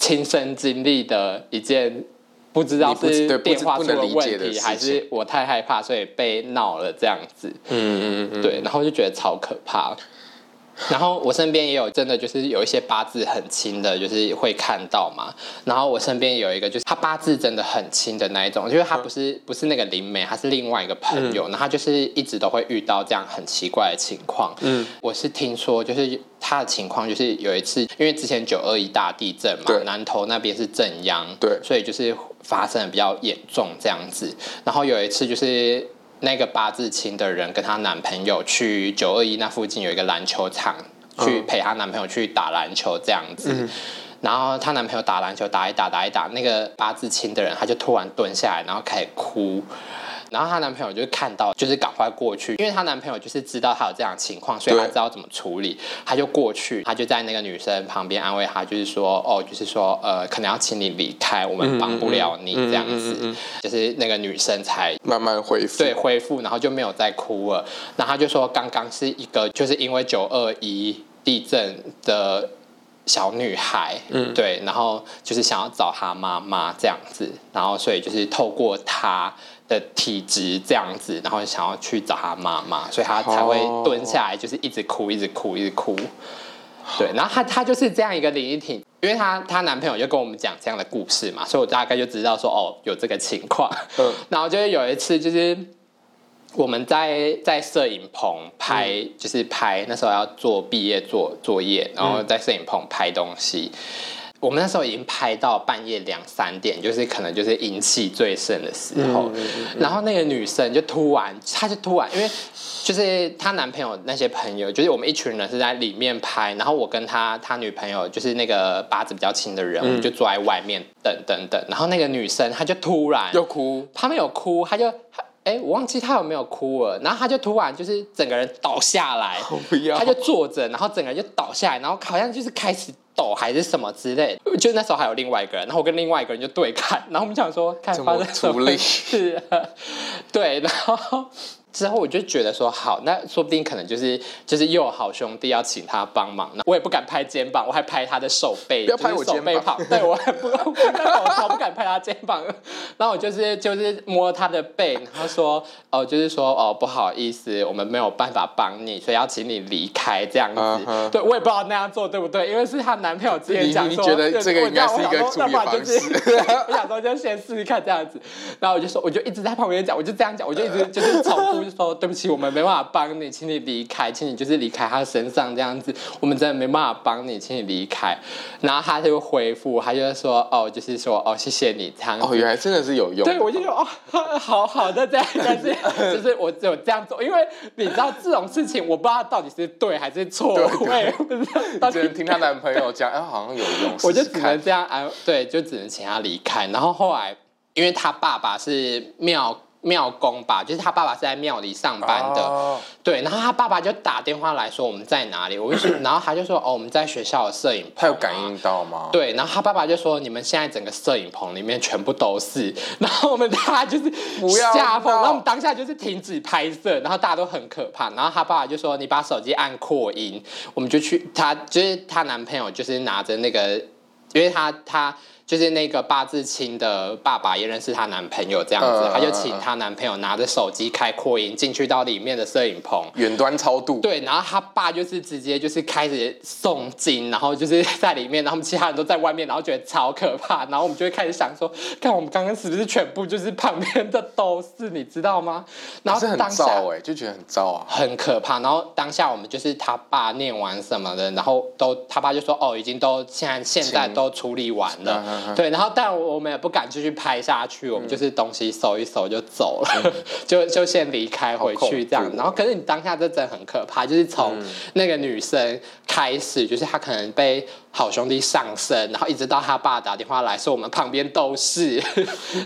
[SPEAKER 2] 親身經歷的一件，不知道是電話出了問題，還是我太害怕，所以被鬧了這樣子。嗯嗯嗯，對，然後就覺得超可怕。然後我身邊也有真的就是有一些八字很輕的，就是會看到嘛。然後我身邊有一個，就是他八字真的很輕的那一種，就是他不是不是那個靈媒，他是另外一個朋友，然後他就是一直都會遇到這樣很奇怪的情況。嗯，我是聽說，就是他的情況，就是有一次，因為之前九二一大地震嘛，南投那邊是震央，對，所以就是發生的比較嚴重這樣子。然後有一次就是。那個八字輕的人跟她男朋友去九二一那附近有一個籃球場，去陪她男朋友去打籃球這樣子。然後她男朋友打籃球打一打，打一打，那個八字輕的人他就突然蹲下來，然後開始哭。然後她男朋友就看到，就是趕快過去，因為她男朋友就是知道她有這樣的情況，所以他知道怎麼處理，對他就過去，他就在那個女生旁邊安慰她，就是說，哦，就是說，呃，可能要請你離開，我們幫不了你，嗯嗯嗯這樣子，嗯嗯嗯，就是那個女生才慢慢恢復，對，恢復，然後就沒有再哭了。然後她就說，剛剛是一個就是因為九二一地震的小女孩，嗯、對，然後就是想要找她媽媽這樣子，然後所以就是透過她。的體質這樣子，然後想要去找他媽媽，所以他才會蹲下來，就是一直哭，oh. 一直哭，一直哭。對，然後他他就是這樣一個靈異體，因為她她男朋友就跟我們講這樣的故事嘛，所以我大概就知道說哦，有這個情況。嗯、然後就是有一次，就是我們在在攝影棚拍，嗯、就是拍那時候要做畢業做作業，然後在攝影棚拍東西。我們那時候已經拍到半夜兩三點，就是可能就是陰氣最盛的時候。嗯嗯嗯、然後那個女生就突然，她就突然，因為就是她男朋友那些朋友，就是我們一群人是在裡面拍，然後我跟她她女朋友就是那個八字比較輕的人，嗯、就坐在外面等，等等。然後那個女生她就突然又哭，她沒有哭，她就哎、欸，我忘記她有沒有哭了。然後她就突然就是整個人倒下來，她就坐着，然後整個人就倒下來，然後好像就是開始。抖還是什麼之類的，就那時候還有另外一個人，然後我跟另外一個人就對看，然後我們想說看怎麼處理，是啊，對，然後。之後我就覺得說好，那說不定可能就是就是又有好兄弟要請他幫忙了。我也不敢拍肩膀，我還拍他的手背，不要拍我肩膀。 對，我
[SPEAKER 1] 還不敢拍他
[SPEAKER 2] 肩，不敢拍他肩膀。 然後我就是就是摸了他的背，然後說哦、呃，就是說哦、呃、不好意思，我們沒有辦法幫你，所以要請你離開這樣子。Uh huh. 對，我也不知道那樣做對不對，因為是她男朋友之前講說你，你覺得這個應該是一個處理方式。我想說就先試試看這樣子，然後我就說我就一直在旁邊講，我就這樣講，我就一直就是重複。 就說對不起，我們沒辦法幫你，請你離開，請你就是離開他身上這樣子，我們真的沒辦法幫你，請你離開。然後他就回復，他就說：“哦，就是說哦，謝謝你。這樣”他哦，原來真的是有用。對，我就說哦，好好的這樣子， 但是就是我只有這樣做，因為你知道這種事情，我不知道到底是對還是錯。對對對。 只能聽他男朋友講，對哎，好像有用。我就只能這樣安，試試看對，就只能請他離開。然後後來，因為他爸爸是廟。廟工吧，就是他爸爸是在廟裡上班的，oh. 對，然後他爸爸就打電話來說我們在哪裡，我就說，然後他就說 哦我們在學校攝影棚他有感應到嗎？對，然後他爸爸就說你們現在整個攝影棚裡面全部都是，然後我們大家就是不要嚇瘋，然後我們當下就是停止拍攝，然後大家都很可怕，然後他爸爸就說你把手機按擴音，我們就去，他就是他男朋友就是拿着那個，因為他他。就是那個八字輕的爸爸也認識她男朋友這樣子，他就請她男朋友拿着手機開擴音進去到裡面的攝影棚，遠端超度。對，然後他爸就是直接就是開始誦經，然後就是在裡面，然後其他人都在外面，然後覺得超可怕，然後我們就會開始想說，看我們剛剛是不是全部就是旁邊的都是，你知道嗎？然後很糟哎，就覺得很糟啊，很可怕。然後當下我們就是他爸念完什麼的，然後都他爸就說，哦，已經都現在現在都處理完了。Uh huh、對，然後但我們也不敢繼續拍下去，嗯、我們就是東西收一收就走了，嗯、 就就先離開回去這樣。哦、然後，可是你當下這真的很可怕，就是從那個女生開始，嗯、就是她可能被好兄弟上身，然後一直到她爸打電話來說，我們旁邊都是，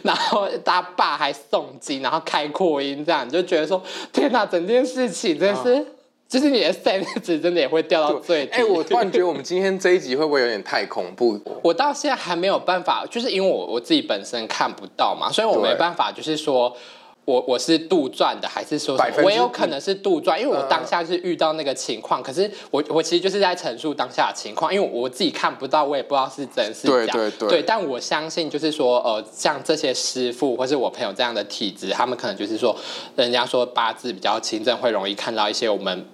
[SPEAKER 2] 然後她爸還誦經，然後開擴音這樣，你就覺得說，天哪，啊，整件事情真是。就是你的 San 值真的也會掉到最低。哎，欸，我突然覺得我們今天這一集會不會有點太恐怖？ 我到現在還沒有辦法，就是因為我我自己本身看不到嘛，所以我沒辦法，就是說我對 我是杜撰的，還是說分我有可能是杜撰？因為我當下就是遇到那個情況，呃、可是我我其實就是在陳述當下的情況，因為我自己看不到，我也不知道是真是假。對對對。對，但我相信就是說，呃，像這些師傅或是我朋友這樣的體質，他們可能就是說，人家說八字比較輕，會容易看到一些我們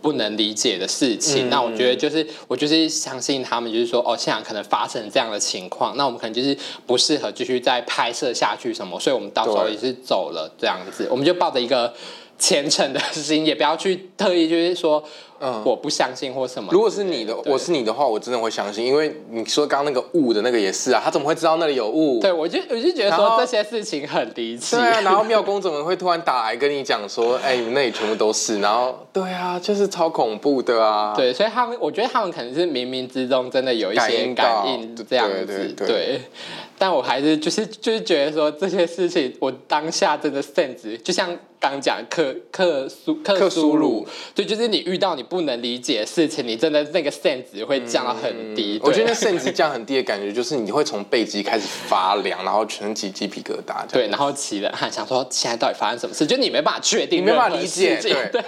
[SPEAKER 2] 不能理解的事情，嗯、那我覺得就是我就是相信他們，就是說哦，現場可能發生這樣的情況，那我們可能就是不適合繼續再拍攝下去什麼，所以我們到時候也是走了這樣子。對 我們就抱着一個虔誠的心，也不要去特意就是說。嗯，我不相信或什麼。
[SPEAKER 1] 如果是你的，對我是你的話，我真的會相信，嗯、因為你說剛剛那個霧的那個也是啊，他怎麼會知道那裡有霧？對，我就我就覺得說後這些事情很離奇。對啊，然後廟公怎麼會突然打來跟你講說，哎、 欸，你們那裡全部都是，然後對啊，就是超恐怖的啊。對，所以他們，我覺
[SPEAKER 2] 得他們可能是冥冥之中真的有一些感應，就這樣子。對，但我還是就是就是覺得說這些事情，我當下真的甚至就像剛講的克克蘇克蘇魯，對，就是你遇到你。不能理解的事情，你真的那個 San 值會降到很低。嗯、對我覺得那 San 值
[SPEAKER 1] 降很低的感覺，就是你會從背脊開始發
[SPEAKER 2] 涼 然後全身起雞皮疙瘩。對，然後起了、啊，想說現在到底發生什麼事，就你沒辦法確定，你沒辦法理解， 對。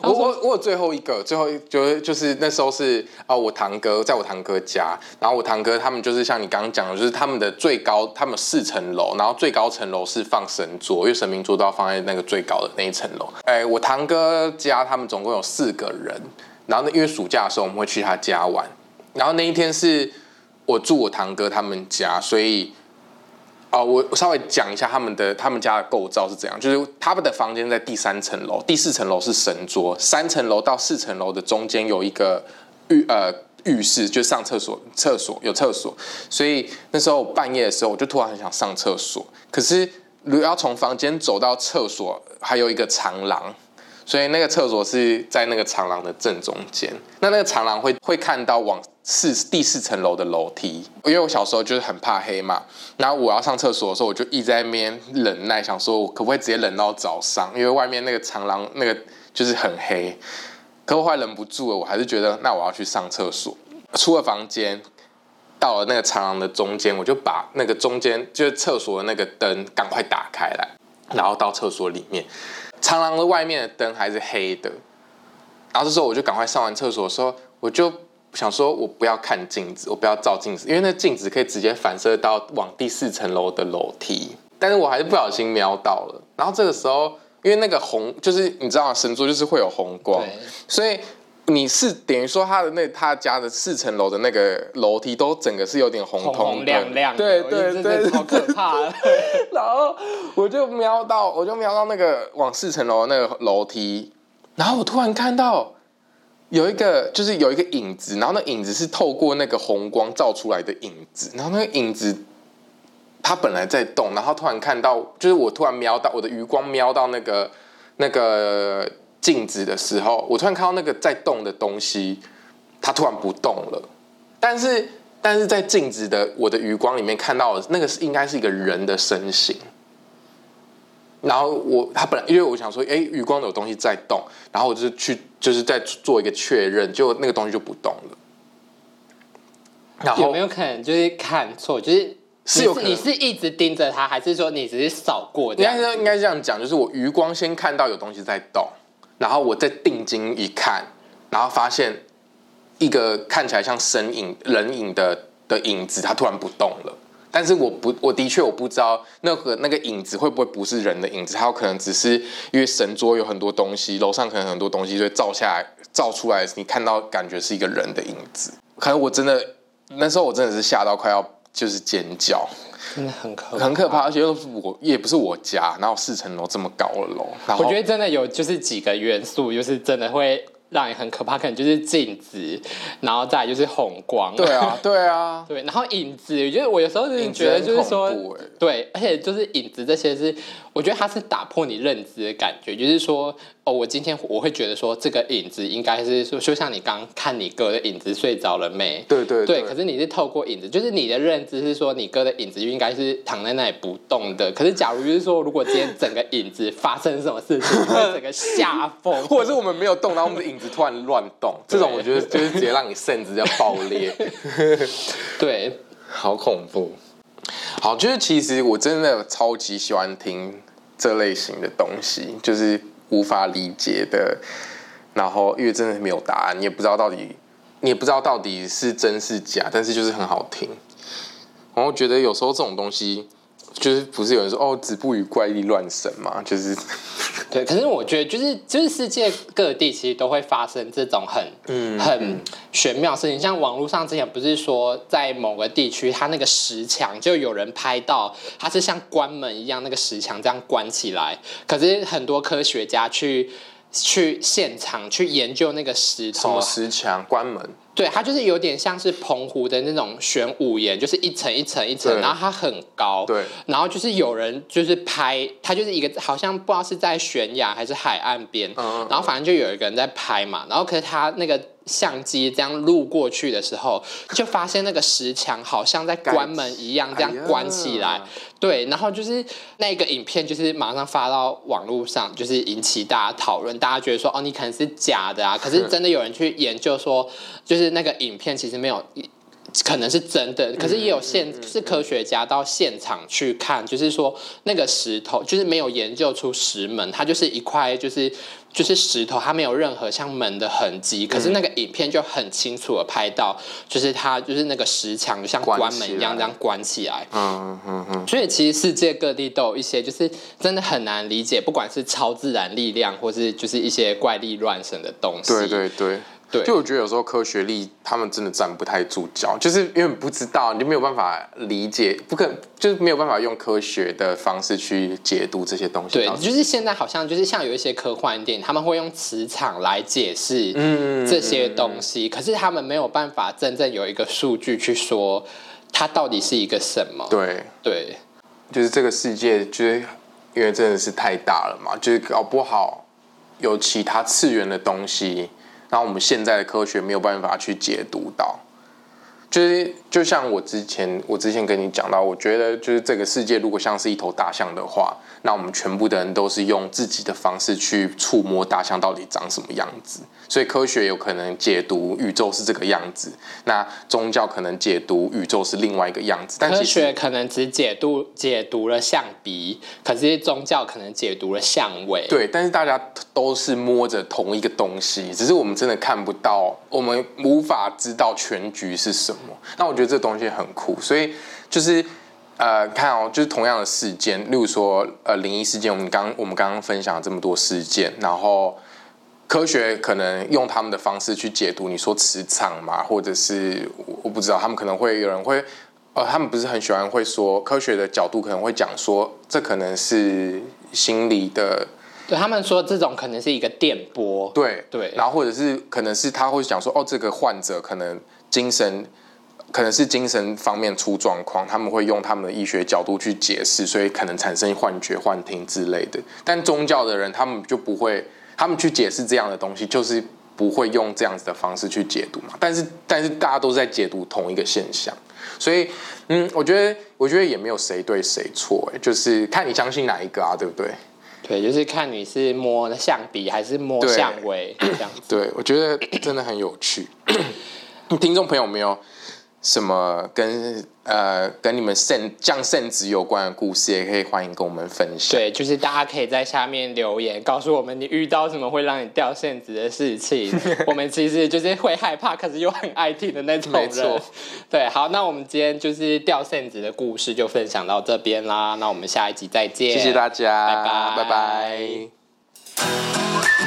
[SPEAKER 1] 我我我有最後一個，最後一就是，就是那時候是啊，哦，我堂哥在我堂哥家，然後我堂哥他們就是像你剛剛講的，就是他們的最高，他們四層樓，然後最高層樓是放神桌，因為神明桌都要放在那個最高的那一層樓。哎、欸，我堂哥家他們總共有四個人，然後呢，因為暑假的時候我們會去他家玩，然後那一天是我住我堂哥他們家，所以。啊，我、哦、我稍微講一下他們的他們家的構造是怎樣，就是他們的房間在第三層樓，第四層樓是神桌，三層樓到四層樓的中間有一個浴呃浴室，就是、上廁所，廁所有廁所，所以那時候半夜的時候，我就突然很想上廁所，可是如果要從房間走到廁所，還有一個長廊。所以那個廁所是在那個長廊的正中間。那那個長廊會會看到往四第四層樓的樓梯。因為我小時候就是很怕黑嘛，然後我要上廁所的時候，我就一直在那邊忍耐，想說我可不可以直接忍到早上？因為外面那個長廊那個就是很黑，可我後來忍不住了，我還是覺得那我要去上廁所。出了房間，到了那個長廊的中間，我就把那個中間就是廁所的那個燈趕快打開來，然後到廁所裡面。長廊的外面的燈還是黑的，然後這時候我就趕快上完廁所的時候，說我就想說我不要看鏡子，我不要照鏡子，因為那鏡子可以直接反射到往第四層樓的樓梯，但是我還是不小心瞄到了。然後這個時候，因為那個紅，就是你知道神珠，就是會有紅光，對所以。你是等於說他的那他家的四層樓的那個樓梯都整個是有點紅彤彤亮亮的，對對對，好可怕！然後我就瞄到，我就瞄到那個往四層樓的那個樓梯，然後我突然看到有一個，就是有一個影子，然後那影子是透過那個紅光照出來的影子，然後那個影子它本來在動，然後突然看到，就是我突然瞄到我的餘光瞄到那個那個。鏡子的時候，我突然看到那個在動的東西，它突然不動了。但是，但是在鏡子的我的餘光裡面看到了那個是應該是一個人的身形。然後我他本來因為我想說，哎、欸，餘光有東西在動，然後我就去就是在做一個確認，就那個東西就不動
[SPEAKER 2] 了。然後有沒有可能就是看錯？就是是，是有可能你是一直盯着他，還是說你只是掃過？
[SPEAKER 1] 應該是應該這樣講，就是我餘光先看到有東西在動。然後我再定睛一看，然後發現一個看起來像神影人影的的影子，它突然不動了。但是我不，我的確我不知道那個那個影子會不會不是人的影子，它有可能只是因為神桌有很多東西，樓上可能很多東西，所以照下來照出來，你看到感覺是一個人的影子。可能我真的那時候我真的是嚇到快要就是尖叫。
[SPEAKER 2] 真的很
[SPEAKER 1] 可怕很可怕，而且又是我也不是我家，然後四層樓這麼高的樓，我覺得真的有就是幾個
[SPEAKER 2] 元素，就是真的會讓你很可怕，可能就是鏡子，然後再就是紅光，對啊，對啊，對，然後影子，我覺得我有時候就覺得就是說，欸、對，而且就是影子這些是。我覺得它是打破你認知的感覺，就是說，哦，我今天我會覺得說，這個影子應該是說，就像你剛剛看你哥的影子睡着了沒？對對對。可是你是透過影子，就是你的認知是說，你哥的影子應該是躺在那裡不動的。可是假如就是說，如果今天整個影子發生什麼事
[SPEAKER 1] 情，整個嚇瘋，或者是我們沒有動，然後我們的影子突然亂動，對 這種我覺得就是直接讓你甚至要爆裂。對， 好恐怖。好，就是其實我真的超級喜歡聽。這類型的東西就是無法理解的，然後因為真的沒有答案，你也不知道到底，你也不知道到底是真是假，但是就是很好聽，然後覺得有時候這種東西。就是不是有人說哦，子不語怪力亂神嘛？就是，對，可是我覺得就是就是世界各地其實都會發生這種很嗯，很
[SPEAKER 2] 玄妙的事情。像網絡上之前不是說在某個地區，它那個石牆就有人拍到，它是像關門一樣，那個石牆這樣關起來。可是很多科學家去去現場去研究那個石頭什麼石牆關門。對，它就是有點像是澎湖的那種玄武岩，就是一層一層一層，對然後它很高，對，然後就是有人就是拍，它就是一個好像不知道是在懸崖還是海岸邊，嗯嗯嗯然後反正就有一個人在拍嘛，然後可是他那個。相機這樣錄過去的時候，就發現那個石牆好像在關門一樣，這樣關起來。對，然後就是那個影片，就是馬上發到網路上，就是引起大家討論。大家覺得說，哦，你可能是假的啊。可是真的有人去研究說，就是那個影片其實沒有。可能是真的，可是也有現、嗯嗯嗯、是科學家到現場去看，就是說那個石頭就是沒有研究出石門，它就是一塊就是就是石頭，它沒有任何像門的痕跡。可是那個影片就很清楚的拍到，就是它就是那個石牆像關門一樣這樣關起來。
[SPEAKER 1] 嗯嗯嗯嗯。所
[SPEAKER 2] 以其實世界各地都有一些就是真的很難理解，不管是超自然
[SPEAKER 1] 力量，或是就是一些怪力亂神的東西。對對對。對，就我覺得有時候科學力他們真的站不太住腳，就是因為不知道，你就沒有辦法理解，不可能就是沒有辦法用科學的方式去解讀這些東西。對，
[SPEAKER 2] 就是現在好像就是像有一些科幻電影，他們會用磁場來解釋這些東西，嗯嗯嗯，可是他們沒有辦法真正有一個數據去說它到底是一個什麼。對，
[SPEAKER 1] 對，就是這個世界，就是因為真的是太大了嘛，就是搞不好有其他次元的東西。那我們現在的科學沒有辦法去解讀到，就是就像我之前我之前跟你講到，我覺得就是這個世界如果像是一頭大象的話，那我們全部的人都是用自己的方式去觸摸大象到底長什麼樣子。所以科學有可能解讀宇宙是這個樣子，那宗教可能解讀宇宙是另外一個樣子。但其實科學可能只
[SPEAKER 2] 解讀解讀了象鼻，可是宗教可能解讀了象尾。對，但是
[SPEAKER 1] 大家都是摸着同一個東西，只是我們真的看不到，我們無法知道全局是什麼。嗯，那我覺得這東西很酷，所以就是呃，看哦，就是同樣的事件，例如說呃，靈異事件，我們剛我們剛剛分享這麼多事件，然後。科學可能用他們的方式去解讀，你說磁場嘛，或者是我不知道，他們可能會有人會，呃、哦，他們不是很喜歡會說科學的角度可能會講說，這可能是心理的，
[SPEAKER 2] 對他們
[SPEAKER 1] 說這種可能是一個電波，對對，對然後或者是可能是他會講說，哦，這個患者，可能精神可能是精神方面出狀況，他們會用他們的醫學角度去解釋，所以可能產生幻覺、幻聽之類的。但宗教的人他們就不會。他們去解釋這樣的東西，就是不會用這樣子的方式去解讀嘛。但是，但是大家都在解讀同一個現象，所以，嗯，我覺得，我覺得也沒有誰對誰錯，欸，就是看你相信哪一個啊，對不對？對，就是看你是摸象鼻還是摸象尾這樣子
[SPEAKER 2] 對。
[SPEAKER 1] 對，我覺得真的很有趣。 聽眾朋友，沒有？什麼跟呃跟你們剩降 San 值有關的故事，也可以歡迎跟我們分享。對，就是大家可以在下面留言，告
[SPEAKER 2] 訴我們你遇到什麼會讓你掉 San 值的事情。 我們其實就是會害怕，可是又很愛聽的那種人。沒錯 錯。對，好，那我們今天就是掉 San 值的故事就分享到這邊啦。那我們下一集再見，謝謝大家，拜拜 bye。Bye bye